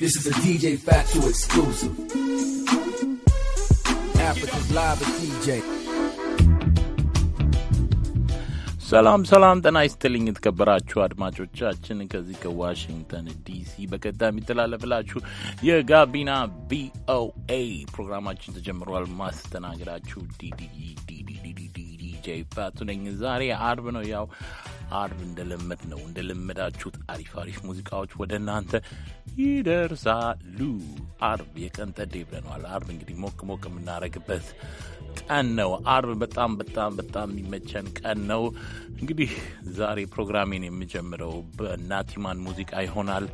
This is a DJ Factual exclusive. Africa's live with DJ. ሰላም ሰላም፣ ጤና ይስጥልኝ የተከበራችሁ አድማጮቻችን ከዚህ ከዋሽንግተን ዲሲ በቀጥታ የሚተላለፍላችሁ የጋቢና ቪኦኤ ፕሮግራማችን ተጀምሯል። ማስተናገዳችሁ ዲዲ ዲዲ ዲዲ ዲዲ ዲጄ ፋቱ ነኝ። ዛሬ አርብ ነው ያው አርብ እንደለመድ ነው እንደለመዳችሁት አሪፍ አሪፍ ሙዚቃዎች ወደ እናንተ ይደርሳሉ። አርብ የቀን ጠዴ ብለነዋል። አርብ እንግዲህ ሞቅ ሞቅ የምናደርግበት ቀን ነው። አርብ በጣም በጣም በጣም የሚመቸን ቀን ነው። እንግዲህ ዛሬ ፕሮግራሜን የምጀምረው በናቲማን ሙዚቃ ይሆናል።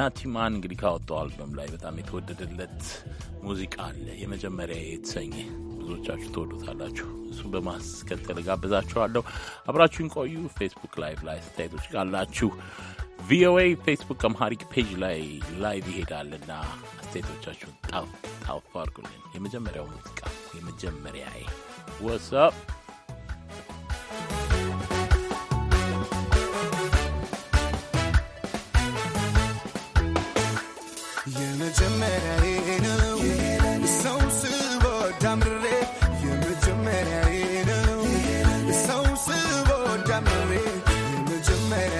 ናቲማን እንግዲህ ካወጣው አልበም ላይ በጣም የተወደደለት ሙዚቃ አለ የመጀመሪያ የተሰኘ ብዙዎቻችሁ ትወዱታላችሁ። እሱን በማስከተል ጋብዛችኋለሁ። አብራችሁን ቆዩ። ፌስቡክ ላይቭ ላይ አስተያየቶች ካላችሁ ቪኦኤ ፌስቡክ አምሃሪክ ፔጅ ላይ ላይቭ ይሄዳልና አስተያየቶቻችሁን ጣፍ ጣፍ አድርጉልን። የመጀመሪያው ሙዚቃ የመጀመሪያ ወሰብ memory, are de man.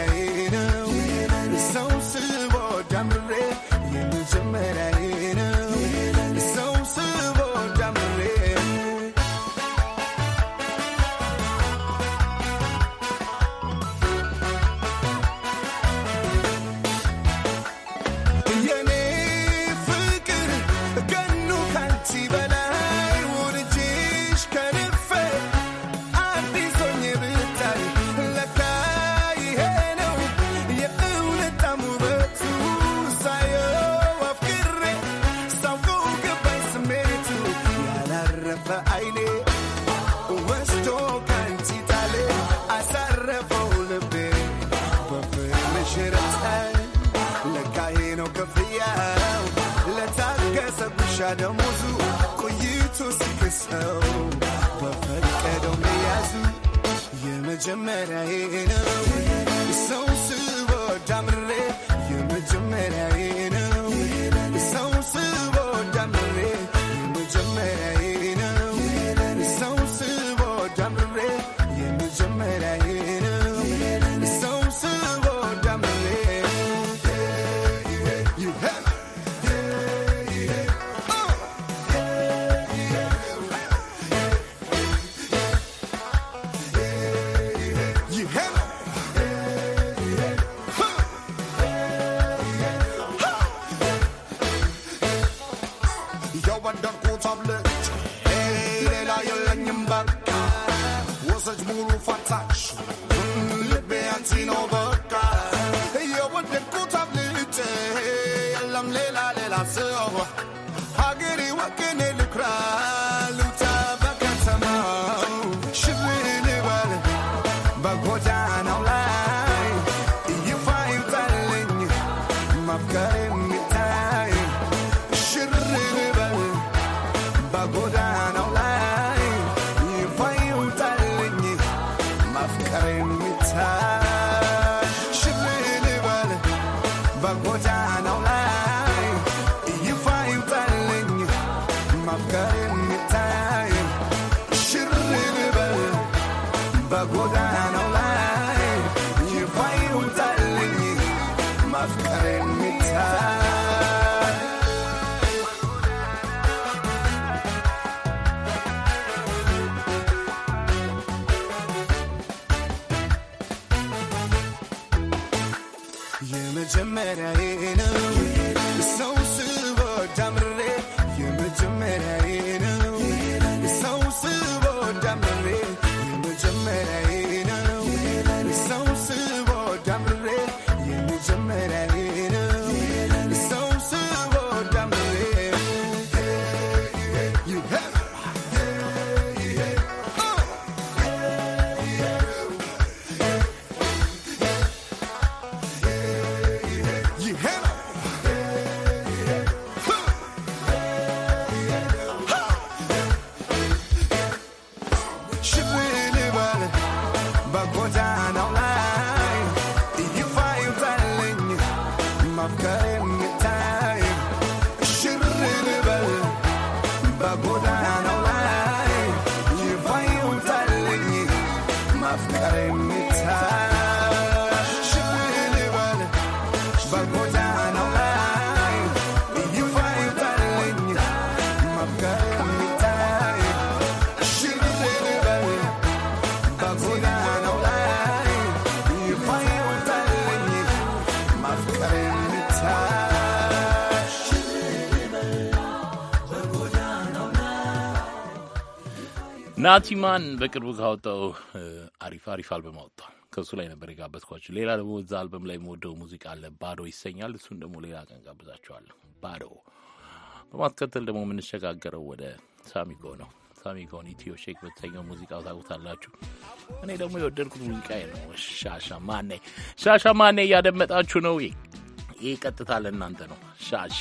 የመጀመሪያ ነው ሰው ስወድ አምሬ የመጀመሪያ ነው 是哦。የመጀመሪያዬ ነው ሰው ስወድ አምሬ የመጀመሪያዬ ነው ናቲማን በቅርቡ ካወጣው አሪፍ አሪፍ አልበም አወጥቷል። ከእሱ ላይ ነበር የጋበዝኳቸው። ሌላ ደግሞ እዛ አልበም ላይ የምወደው ሙዚቃ አለ፣ ባዶ ይሰኛል። እሱን ደግሞ ሌላ ቀን ጋብዛቸዋለሁ። ባዶ በማስከተል ደግሞ የምንሸጋገረው ወደ ሳሚኮ ነው። ሳሚኮን ኢትዮ ሼክ በተሰኘው ሙዚቃ ታውቁታላችሁ። እኔ ደግሞ የወደድኩት ሙዚቃ ነው ሻሻ ማኔ። ሻሻ ማኔ እያደመጣችሁ ነው። ይህ ቀጥታ ለእናንተ ነው ሻሼ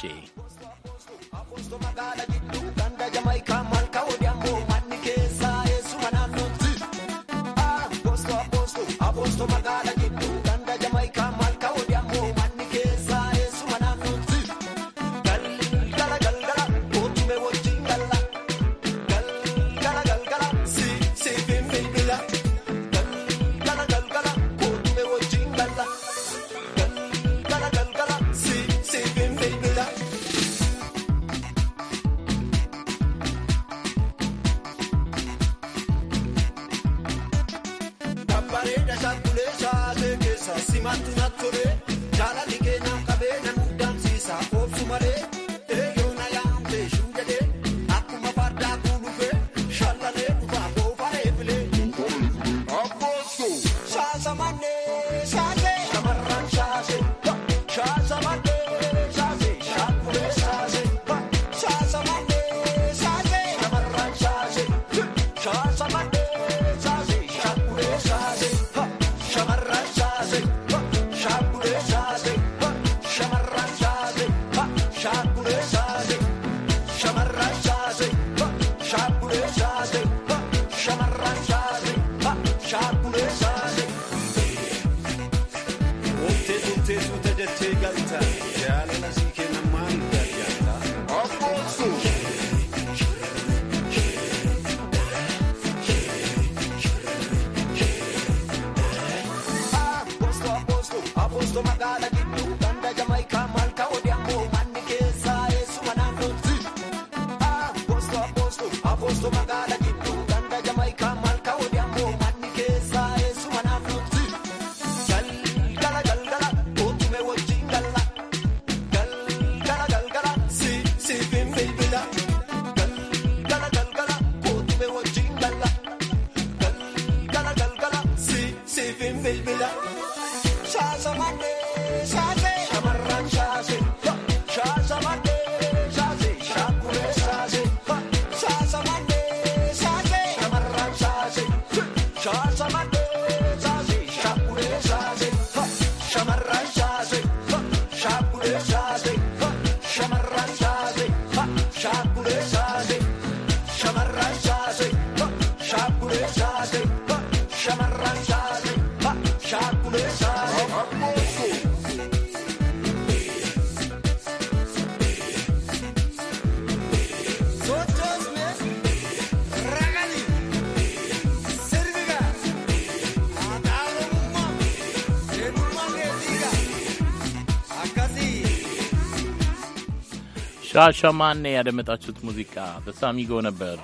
ሻሻማኔ ያደመጣችሁት ሙዚቃ በሳሚጎ ነበር።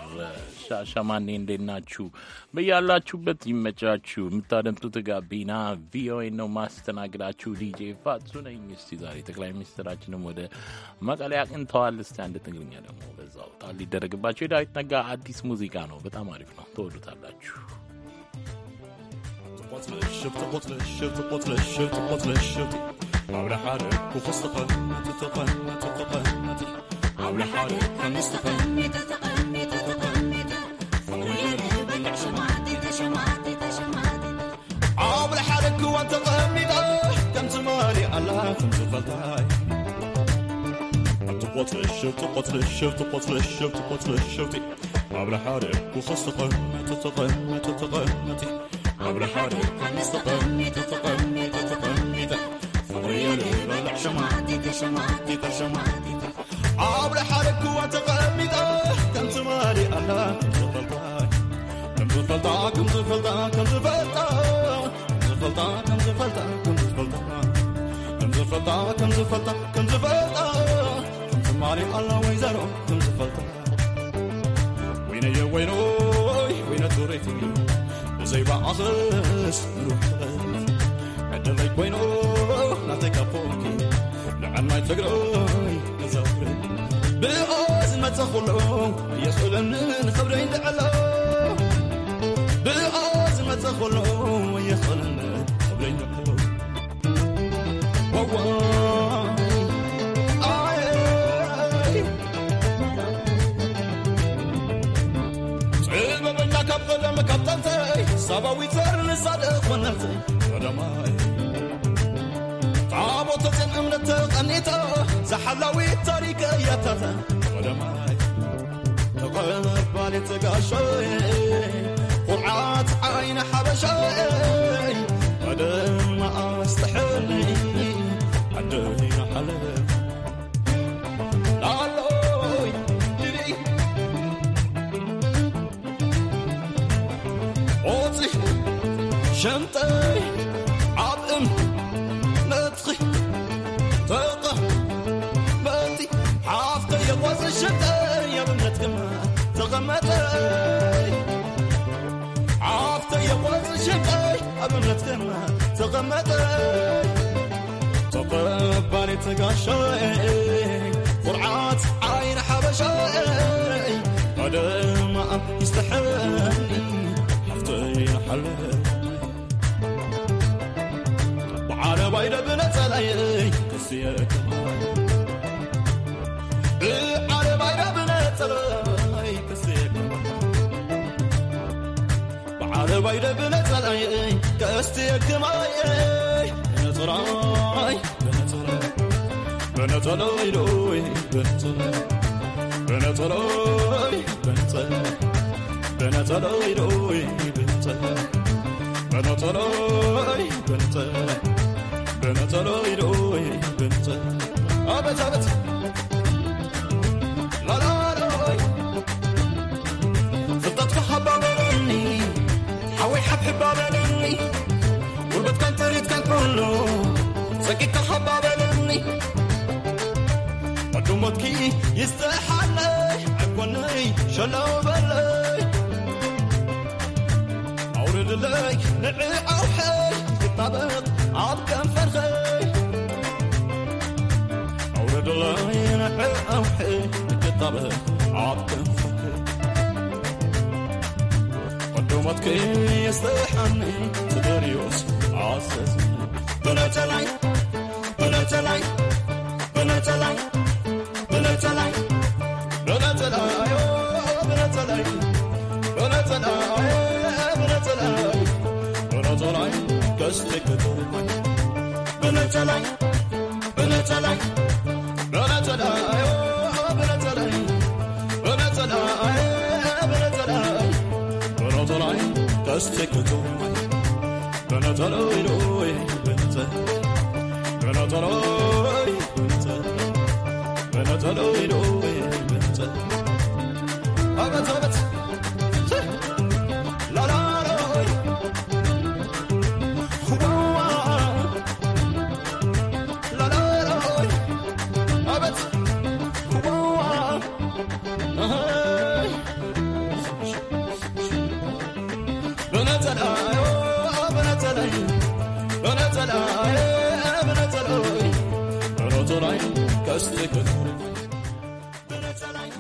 ሻሻማኔ እንዴት ናችሁ? በያላችሁበት ይመቻችሁ። የምታደምጡት ጋቢና ቪኦኤ ነው። ማስተናግዳችሁ ዲጄ ፋጹ ነኝ። እስቲ ዛሬ ጠቅላይ ሚኒስትራችንም ወደ መቀሌ አቅንተዋል። እስቲ አንድ ትግርኛ ደግሞ በዛው ጣል ሊደረግባቸው የዳዊት ነጋ አዲስ ሙዚቃ ነው። በጣም አሪፍ ነው፣ ትወዱታላችሁ። ሽብጥ ቁጥልሽ ሽብጥ ቁጥልሽ ሽብጥ ቁጥልሽ عامله حالك وخص تقنت تقنت تقنت عامله حالك خمس تقنت تقنت تقنت خويا بالك شمعتي شمعتي شمعتي عامله حالك وانت تقنت تمت مالي الله تمت غلطاي تقطرش تقطرش تقطرش تقطرش عامله حالك وخص تقنت تقنت تقنت عامله حالك خمس تقنت تقنت تقنت عبر حرك وتقمد كم تماري الله كم تفلتا كم تفلتا كم تفلتا كم تفلتا كم تفلتا كم تفلتا كم تفلتا كم تفلتا كم تفلتا كم تماري الله ويزارو كم تفلتا وين يا وينوي وين توريتي وزي بعصر نروح للي كوينو نعطيك فوقي لعن ما يتقرأي نزافري بأوز ما تخلو يسؤلن خبرين دعلو بأوز ما تخلو يسؤلن خبرين دعلو وواي سبب ويتر نصدق ونرتي قدماي ሞቶትን እምነት ተቐኒቶ ዝሓላዊት ታሪክ እያተተ ወደማይ ተቐባሊ ትጋሾይ ቁርዓት ዓይነ ሓበሻይ ወደማ ኣስተሕለይ ዓደይና ሓለበ Jump. شداي يا بنت كما تغمتاي عافت يا بنت شداي يا بنت كما تغمتاي تقبلي تقاشاي عين حبشاي هذا ما يستحقني حفتي حل بعربي لبنت علي بنتلي حقك حباب الرني أدومتكي يستحالي أكوني شلو بلي أورد لك نعي أوحي تطابق عبد كم فرخي أورد لك نعي أوحي تطابق عبد كم فرخي أدومتكي يستحالي تدريوس عززني دونتلاي Just take the door, but not all I'm Benataloy,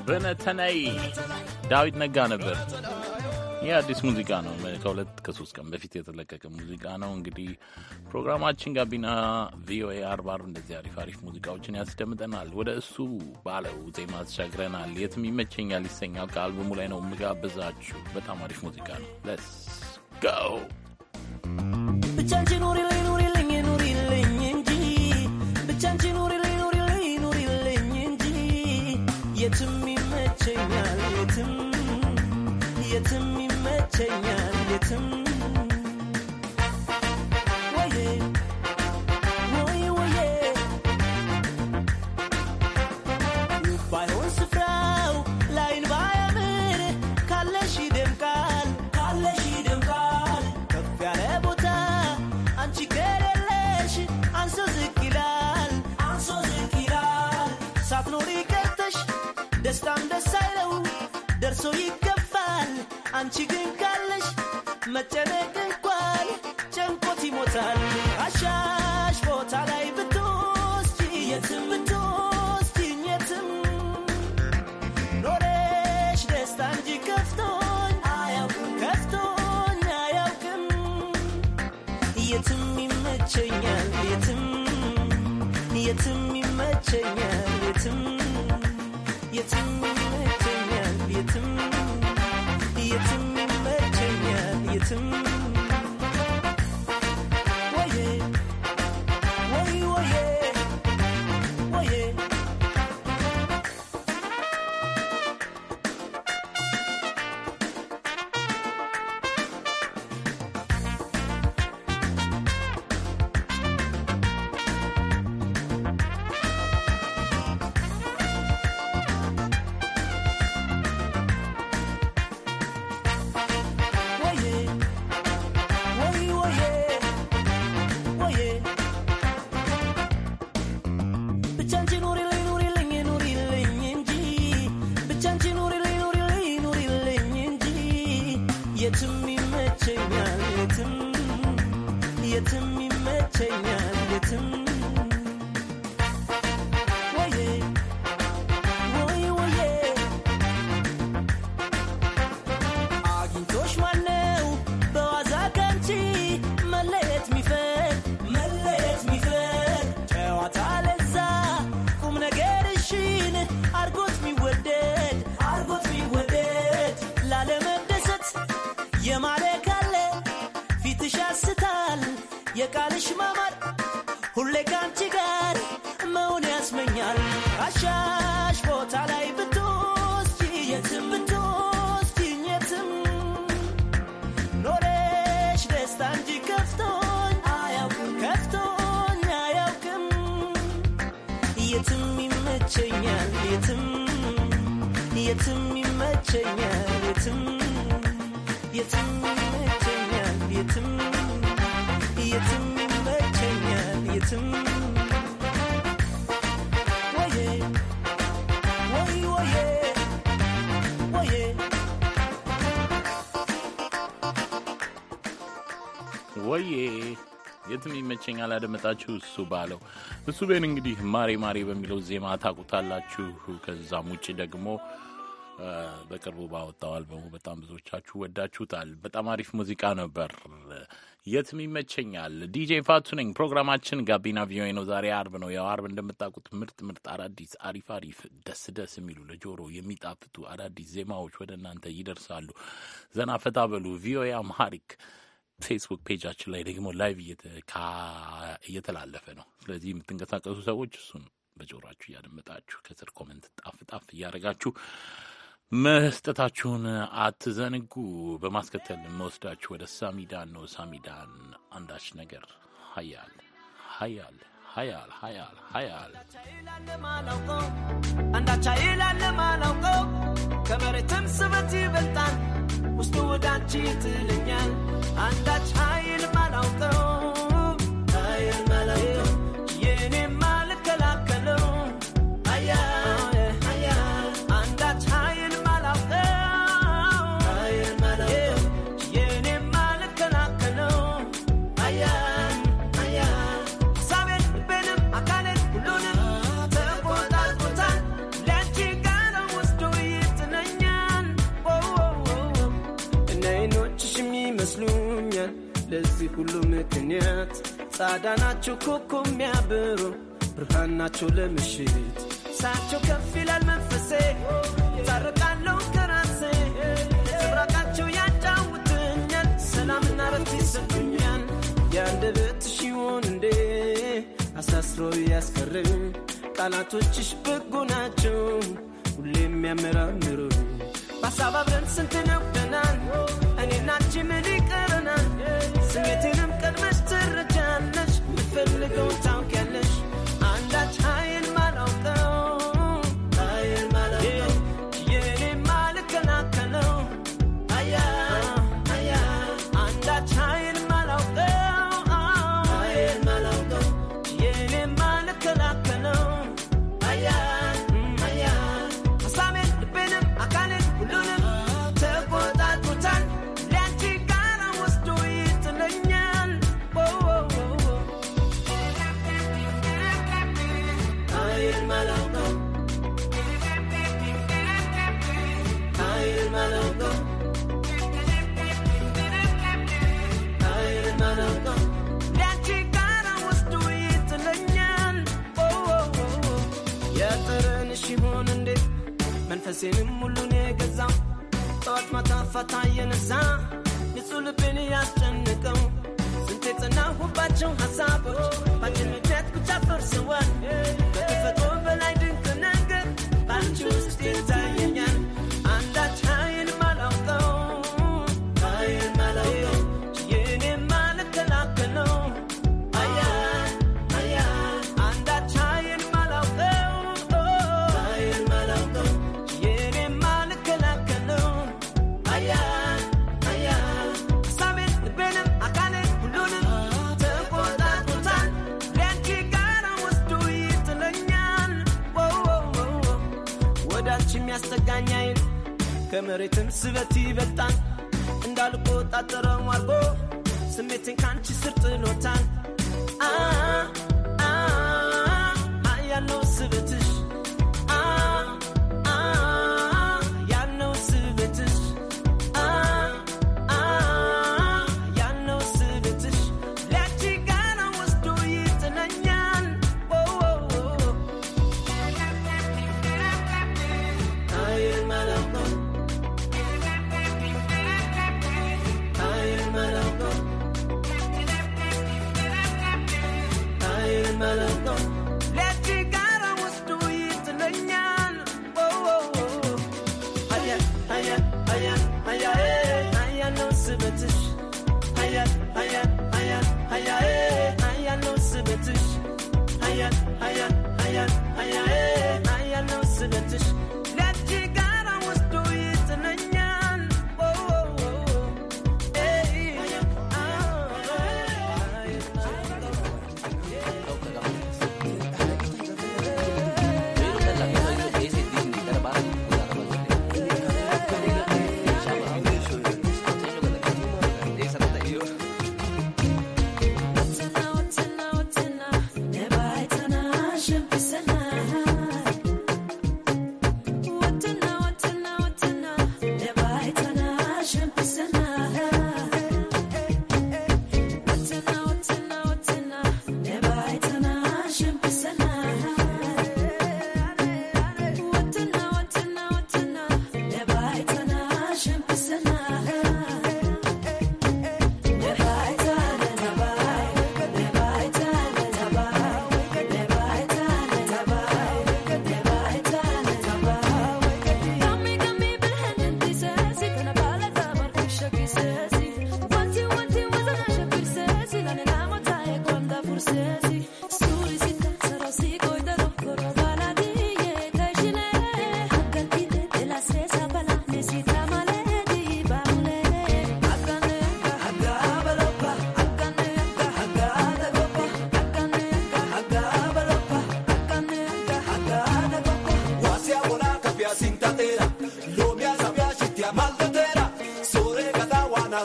በነተናይ ዳዊት ነጋ ነበር። ይህ አዲስ ሙዚቃ ነው። ከሁለት ከሶስት ቀን በፊት የተለቀቀ ሙዚቃ ነው። እንግዲህ ፕሮግራማችን ጋቢና ቪኦኤ አርባር እንደዚህ አሪፍ አሪፍ ሙዚቃዎችን ያስደምጠናል። ወደ እሱ ባለው ዜማ ተሻግረናል። የትም ይመቸኛል ይሰኛል። ከአልበሙ ላይ ነው ምጋብዛችሁ። በጣም አሪፍ ሙዚቃ ነው። ለስ ጎ ብቻንችን ደስታም አይለው ደርሶ ይገባል የትም ግን። चले गई የትም ይመቸኛል የትም የትም ይመቸኛል የትም የትም ይመቸኛል የትም ወዬ የትም ይመቸኛል አደመጣችሁ። እሱ ባለው እሱ ቤን እንግዲህ ማሬ ማሬ በሚለው ዜማ ታቁታላችሁ ከዛም ውጭ ደግሞ በቅርቡ ባወጣው አልበሙ በጣም ብዙዎቻችሁ ወዳችሁታል። በጣም አሪፍ ሙዚቃ ነበር። የትም ይመቸኛል። ዲጄ ፋቱ ነኝ። ፕሮግራማችን ጋቢና ቪኦኤ ነው። ዛሬ አርብ ነው። ያው አርብ እንደምታውቁት ምርጥ ምርጥ አዳዲስ አሪፍ አሪፍ ደስ ደስ የሚሉ ለጆሮ የሚጣፍቱ አዳዲስ ዜማዎች ወደ እናንተ ይደርሳሉ። ዘና ፈታ በሉ። ቪኦኤ አምሃሪክ ፌስቡክ ፔጃችን ላይ ደግሞ ላይቭ እየተላለፈ ነው። ስለዚህ የምትንቀሳቀሱ ሰዎች እሱን በጆሯችሁ እያደመጣችሁ ከስር ኮመንት ጣፍ ጣፍ እያደረጋችሁ መስጠታችሁን አትዘንጉ። በማስከተል መወስዳችሁ ወደ ሳሚዳን ነው። ሳሚዳን አንዳች ነገር ሀያል ሀያል ሀያል ሀያል ሀያል አንዳች ሀይላል ማላውቀው ከመሬትም ስበት ይበልጣል ውስጡ ወዳንቺ ትልኛል አንዳች ሀይል ማላውቀው ሁሉ ምክንያት ጻዳ ናችሁ ኮኮ የሚያብሩ ብርሃን ናችሁ ለምሽት ሳቸው ከፍ ይላል መንፈሴ ጸርቃለሁ ከራሴ መብራቃቸው ያጫውትኛል ሰላምና ረፍት ይሰጡኛል ብት ሺሆን እንዴ አሳስሮ ያስቀርም ቃላቶችሽ በጎ ናቸው ሁሌ የሚያመራምሩ ባሳባብረን አብረን ስንት እኔና አንቺ ይቀረናል? ስሜቴንም ቀድመሽ ትረጃለሽ። የምፈልገውን መሬትን ስበት ይበልጣል እንዳልቆጣጠረው አድርጎ ስሜትን ካንቺ ስር ጥሎታል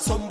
somos.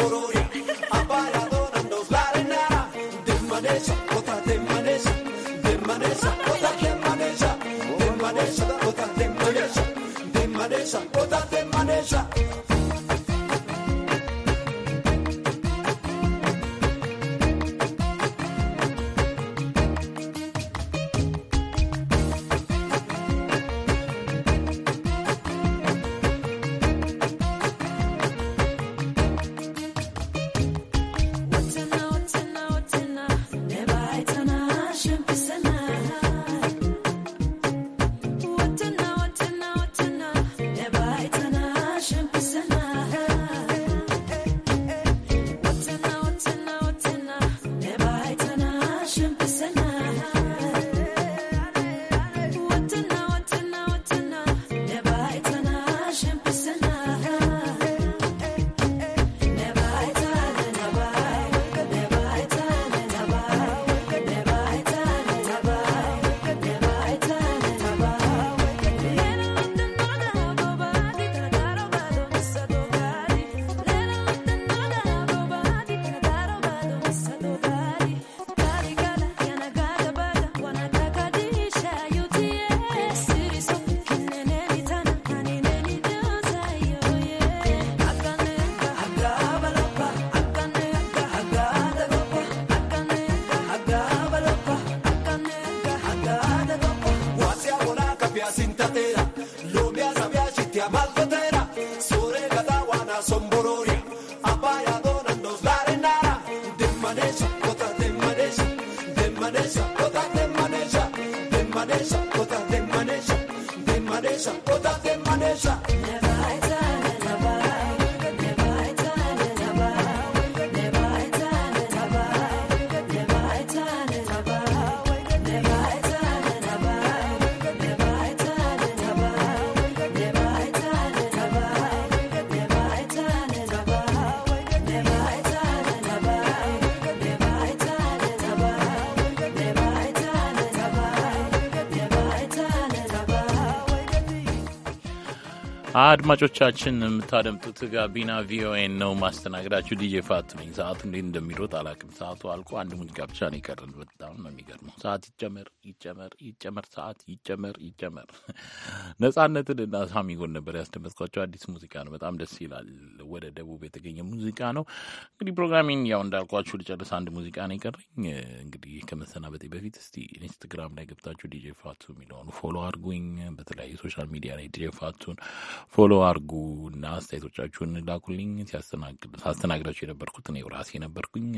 Algo te አድማጮቻችን የምታደምጡት ጋቢና ቪኦኤን ነው። ማስተናግዳችሁ ዲጄ ፋት ነኝ። ሰዓቱ እንዴት እንደሚሮጥ አላውቅም። ሰዓቱ አልቆ አንድ ሙዚቃ ብቻ ነው የቀረን። በጣም ነው የሚገርመው። ሰዓት ይጨመር ይጨመር ይጨመር፣ ሰዓት ይጨመር ይጨመር። ነጻነትን እና ሳሚ ጎን ነበር ያስደመጥኳቸው። አዲስ ሙዚቃ ነው፣ በጣም ደስ ይላል። ወደ ደቡብ የተገኘ ሙዚቃ ነው። እንግዲህ ፕሮግራሚን ያው እንዳልኳችሁ ልጨርስ፣ አንድ ሙዚቃ ነው የቀረኝ። እንግዲህ ከመሰናበቴ በፊት እስቲ ኢንስትግራም ላይ ገብታችሁ ዲጄ ፋቱ የሚለውን ፎሎ አድርጉኝ። በተለያዩ ሶሻል ሚዲያ ላይ ዲጄ ፋቱን ፎሎ አድርጉ እና አስተያየቶቻችሁን ላኩልኝ። ሳስተናግዳችሁ የነበርኩት እኔ ራሴ ነበርኩኝ።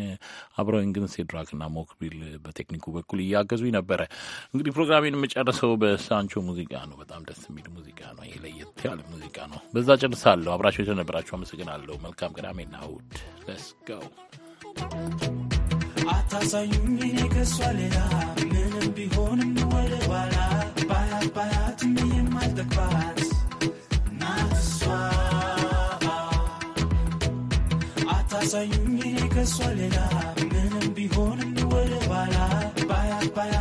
አብረውኝ ግን ሴድራክና ሞክቢል በቴክኒኩ በኩል እያገዙኝ ነበረ። እንግዲህ ፕሮግራሜን የምጨርሰው በሳንቾ ሙዚቃ ነው። በጣም ደስ የሚል ሙዚቃ ነው። ይሄ ለየት ያለ ሙዚቃ ነው። በዛ ጨርሳለሁ። አብራቸው የተነበራቸው አመሰግናለሁ። መልካም ቅዳሜና እሑድ። ለስጋው አታሳዩኝ እኔ ከሷ ሌላ ምንም ቢሆንም ወደ ኋላ ባያባያትም ባያት የማልጠግባት አታሳዩኝ ከሷ ሌላ ምንም ቢሆን ወደ ኋላ ባያ ባያ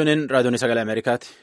Sunin raadiyoon sagalee Ameerikaati.